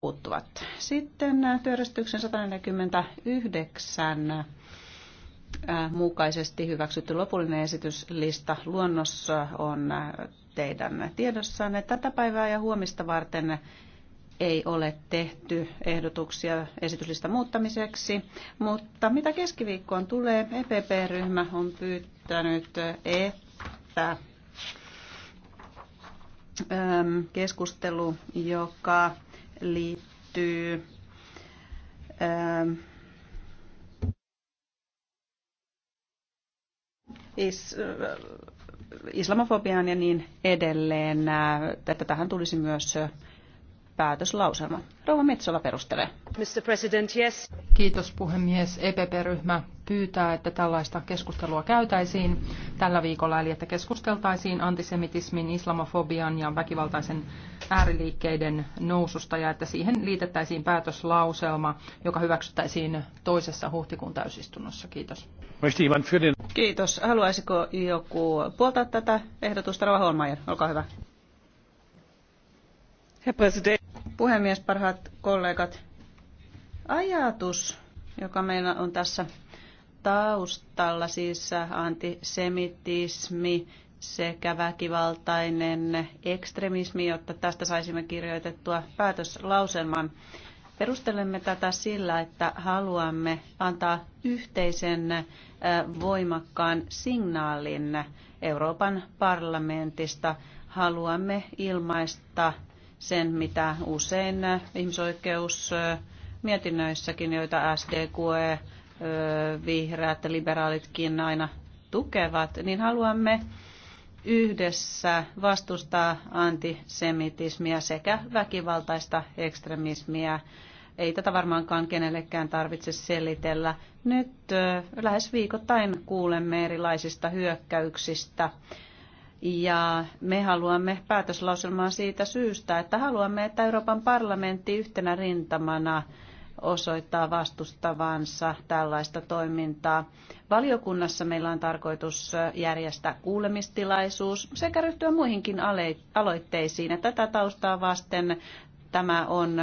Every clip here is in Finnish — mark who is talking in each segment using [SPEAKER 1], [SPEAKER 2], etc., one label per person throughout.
[SPEAKER 1] puuttuvat. Sitten työjärjestyksen 149 mukaisesti hyväksytty lopullinen esityslista luonnossa on teidän tiedossanne. Tätä päivää ja huomista varten ei ole tehty ehdotuksia esityslistan muuttamiseksi, mutta mitä keskiviikkoon tulee, EPP-ryhmä on pyytänyt, että keskustelu, joka liittyy ähm, is, islamofobiaan ja niin edelleen. Tähän tulisi myös päätöslauselma. Rouva Metsola perustelee. Mr. President, yes. Kiitos puhemies. EPP-ryhmä
[SPEAKER 2] pyytää, että tällaista keskustelua käytäisiin tällä viikolla, eli että keskusteltaisiin antisemitismin, islamofobian ja väkivaltaisen ääriliikkeiden noususta ja että siihen liitettäisiin päätöslauselma, joka hyväksyttäisiin toisessa huhtikuun täysistunnossa.
[SPEAKER 1] Kiitos. Kiitos. Haluaisiko joku puoltaa tätä ehdotusta? Rova Holmaier, olkaa hyvä. Herr puhemies, parhaat kollegat. Ajatus, joka meillä on tässä taustalla, siis antisemitismi sekä väkivaltainen ekstremismi, jotta tästä saisimme kirjoitettua päätöslauselman. Perustelemme tätä sillä, että haluamme antaa yhteisen voimakkaan signaalin Euroopan parlamentista. Haluamme ilmaista sen, mitä usein äh, ihmisoikeusmietinnöissäkin, joita SDQE, äh, vihreät ja liberaalitkin aina tukevat, niin haluamme yhdessä vastustaa antisemitismiä sekä väkivaltaista ekstremismiä. Ei tätä varmaankaan kenellekään tarvitse selitellä. Nyt äh, lähes viikoittain kuulemme erilaisista hyökkäyksistä ja me haluamme päätöslauselmaa siitä syystä, että haluamme, että Euroopan parlamentti yhtenä rintamana osoittaa vastustavansa tällaista toimintaa. Valiokunnassa meillä on tarkoitus järjestää kuulemistilaisuus sekä ryhtyä muihinkin aloitteisiin. Ja tätä taustaa vasten tämä on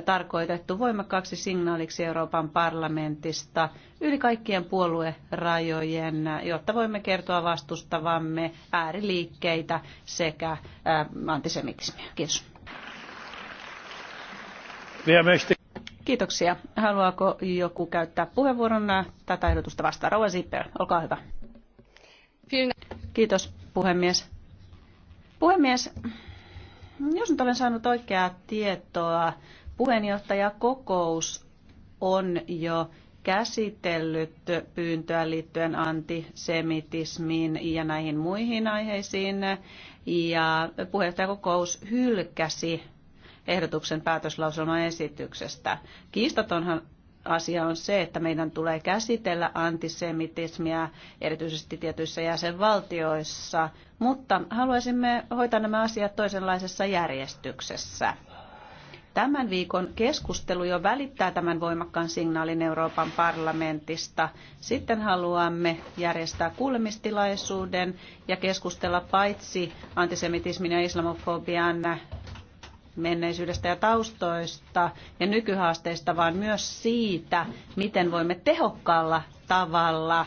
[SPEAKER 1] tarkoitettu voimakkaaksi signaaliksi Euroopan parlamentista yli kaikkien puoluerajojen, jotta voimme kertoa vastustavamme ääriliikkeitä sekä antisemitismiä. Kiitos. Kiitoksia. Haluaako joku käyttää puheenvuoron tätä ehdotusta vastaan? Rauha Zipper, olkaa hyvä. Kiitos puhemies. Puhemies, jos nyt olen saanut oikeaa tietoa Puheenjohtajakokous on jo käsitellyt pyyntöä liittyen antisemitismiin ja näihin muihin aiheisiin. Ja puheenjohtajakokous hylkäsi ehdotuksen esityksestä. Kiistatonhan asia on se, että meidän tulee käsitellä antisemitismiä erityisesti tietyissä jäsenvaltioissa, mutta haluaisimme hoitaa nämä asiat toisenlaisessa järjestyksessä tämän viikon keskustelu jo välittää tämän voimakkaan signaalin Euroopan parlamentista. Sitten haluamme järjestää kuulemistilaisuuden ja keskustella paitsi antisemitismin ja islamofobian menneisyydestä ja taustoista ja nykyhaasteista, vaan myös siitä, miten voimme tehokkaalla tavalla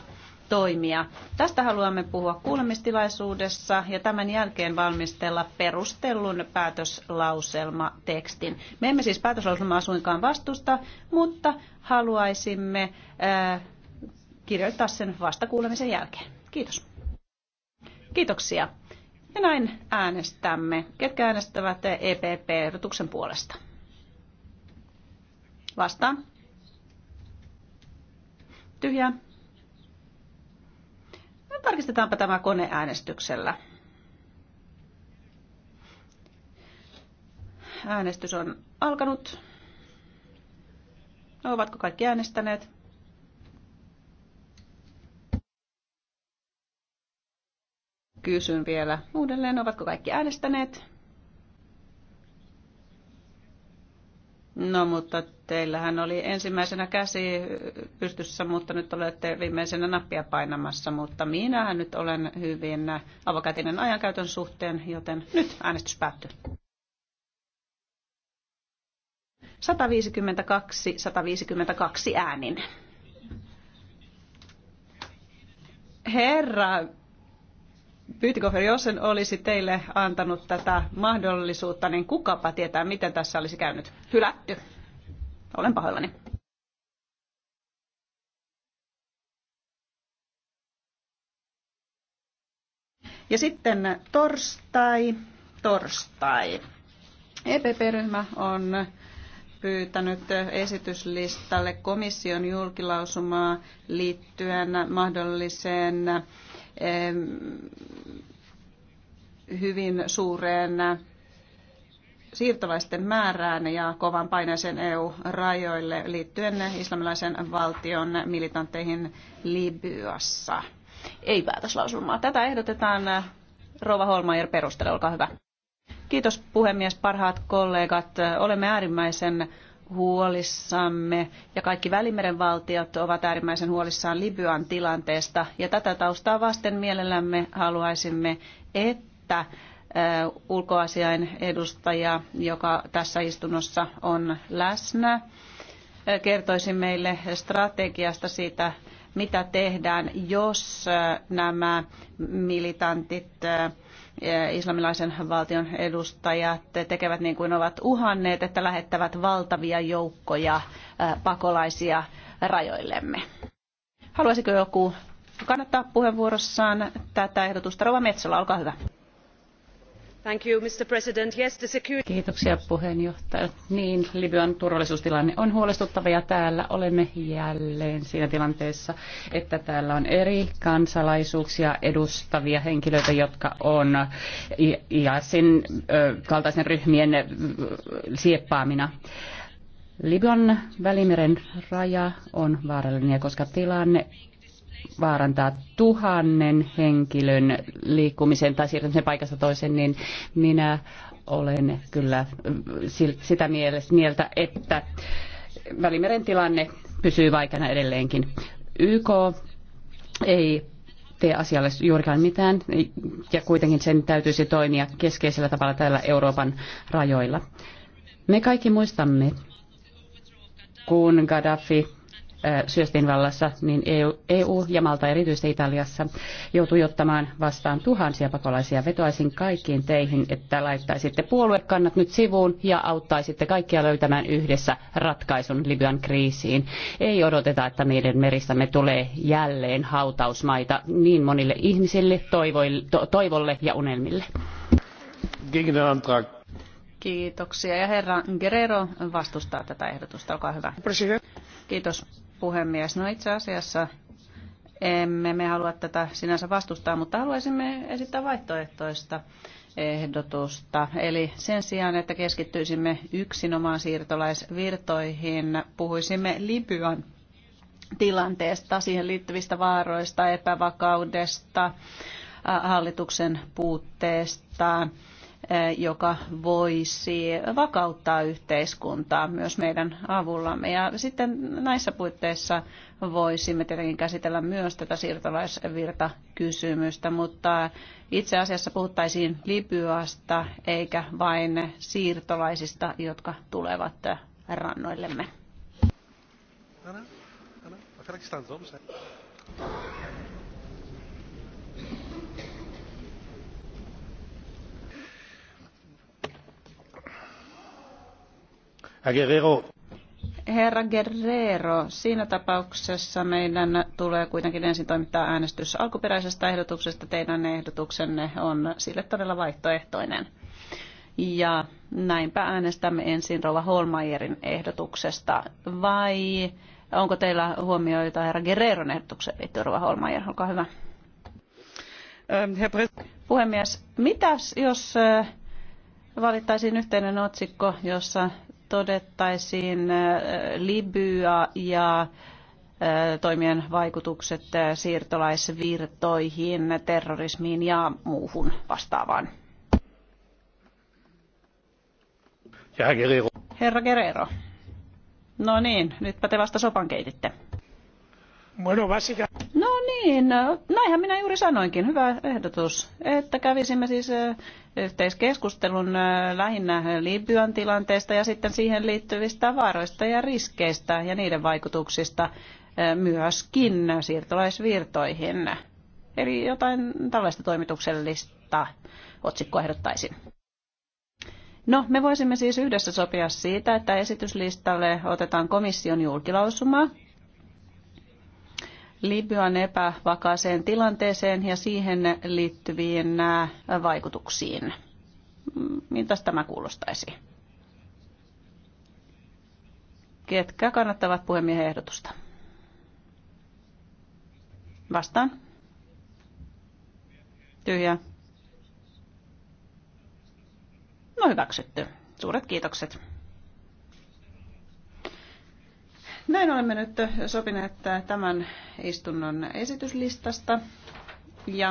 [SPEAKER 1] toimia. Tästä haluamme puhua kuulemistilaisuudessa ja tämän jälkeen valmistella perustellun päätöslauselmatekstin. Me emme siis päätöslauselmaa suinkaan vastusta, mutta haluaisimme ää, äh, kirjoittaa sen vasta kuulemisen jälkeen. Kiitos. Kiitoksia. Ja näin äänestämme. Ketkä äänestävät EPP-ehdotuksen puolesta? Vastaan. Tyhjää. Tarkistetaanpa tämä koneäänestyksellä. Äänestys on alkanut. Ovatko kaikki äänestäneet? Kysyn vielä uudelleen, ovatko kaikki äänestäneet? No, mutta teillähän oli ensimmäisenä käsi pystyssä, mutta nyt olette viimeisenä nappia painamassa. Mutta minähän nyt olen hyvin avokätinen ajankäytön suhteen, joten nyt äänestys päättyy. 152, 152 äänin. Herra Pyytikoferi, jos en olisi teille antanut tätä mahdollisuutta, niin kukapa tietää, miten tässä olisi käynyt. Hylätty. Olen pahoillani. Ja sitten torstai, torstai. EPP-ryhmä on pyytänyt esityslistalle komission julkilausumaa liittyen mahdolliseen hyvin suureen siirtolaisten määrään ja kovan paineeseen EU-rajoille liittyen islamilaisen valtion militantteihin Libyassa. Ei päätöslausumaa. Tätä ehdotetaan. Rova Holmaier perustele, olkaa hyvä. Kiitos puhemies, parhaat kollegat. Olemme äärimmäisen huolissamme ja kaikki Välimeren valtiot ovat äärimmäisen huolissaan Libyan tilanteesta. Ja tätä taustaa vasten mielellämme haluaisimme, että ulkoasiain edustaja, joka tässä istunnossa on läsnä, kertoisi meille strategiasta siitä, mitä tehdään, jos nämä militantit islamilaisen valtion edustajat tekevät niin kuin ovat uhanneet, että lähettävät valtavia joukkoja pakolaisia rajoillemme. Haluaisiko joku kannattaa puheenvuorossaan tätä ehdotusta? Rova Metsola, olkaa hyvä.
[SPEAKER 2] Kiitoksia puheenjohtaja. Niin, Libyan turvallisuustilanne on huolestuttava ja täällä olemme jälleen siinä tilanteessa, että täällä on eri kansalaisuuksia edustavia henkilöitä, jotka on isisin kaltaisen ryhmien sieppaamina. Libyan välimeren raja on vaarallinen, koska tilanne vaarantaa tuhannen henkilön liikkumisen tai siirtymisen paikasta toiseen, niin minä olen kyllä äh, sitä mieltä, että Välimeren tilanne pysyy vaikana edelleenkin. YK ei tee asialle juurikaan mitään ja kuitenkin sen täytyisi toimia keskeisellä tavalla täällä Euroopan rajoilla. Me kaikki muistamme, kun Gaddafi vallassa, niin EU, EU ja Malta erityisesti Italiassa joutui ottamaan vastaan tuhansia pakolaisia. Vetoaisin kaikkiin teihin, että laittaisitte puoluekannat nyt sivuun ja auttaisitte kaikkia löytämään yhdessä ratkaisun Libyan kriisiin. Ei odoteta, että meidän meristämme tulee jälleen hautausmaita niin monille ihmisille, toivoille, to, toivolle ja unelmille.
[SPEAKER 1] Kiitoksia. Ja herra Guerrero vastustaa tätä ehdotusta. Olkaa hyvä. Kiitos puhemies. No itse asiassa emme me halua tätä sinänsä vastustaa, mutta haluaisimme esittää vaihtoehtoista ehdotusta. Eli sen sijaan, että keskittyisimme yksinomaan siirtolaisvirtoihin, puhuisimme Libyan tilanteesta, siihen liittyvistä vaaroista, epävakaudesta, hallituksen puutteesta, joka voisi vakauttaa yhteiskuntaa myös meidän avullamme. Ja sitten näissä puitteissa voisimme tietenkin käsitellä myös tätä siirtolaisvirtakysymystä, mutta itse asiassa puhuttaisiin Libyasta eikä vain siirtolaisista, jotka tulevat rannoillemme.
[SPEAKER 2] Ana, Ana,
[SPEAKER 1] Guerrero. Herra Guerrero, siinä tapauksessa meidän tulee kuitenkin ensin toimittaa äänestys alkuperäisestä ehdotuksesta. Teidän ehdotuksenne on sille todella vaihtoehtoinen. Ja näinpä äänestämme ensin Rova Holmajerin ehdotuksesta. Vai onko teillä huomioita herra Guerreron ehdotukseen liittyen, Rova Holmajer? Olkaa hyvä. Ähm, Puhemies, mitäs jos äh, valittaisiin yhteinen otsikko, jossa todettaisiin äh, Libya ja äh, toimien vaikutukset äh, siirtolaisvirtoihin, terrorismiin ja muuhun vastaavaan. Herra Guerrero. No niin, nytpä te vasta sopan keititte. Bueno, niin, näinhän minä juuri sanoinkin. Hyvä ehdotus, että kävisimme siis yhteiskeskustelun lähinnä Libyan tilanteesta ja sitten siihen liittyvistä vaaroista ja riskeistä ja niiden vaikutuksista myöskin siirtolaisvirtoihin. Eli jotain tällaista toimituksellista otsikkoa ehdottaisin. No, me voisimme siis yhdessä sopia siitä, että esityslistalle otetaan komission julkilausuma Libyan epävakaaseen tilanteeseen ja siihen liittyviin äh, vaikutuksiin. Miltä tämä kuulostaisi? Ketkä kannattavat puhemiehen ehdotusta? Vastaan. Tyhjä. No hyväksytty. Suuret kiitokset. Näin olemme nyt sopineet tämän istunnon esityslistasta. Ja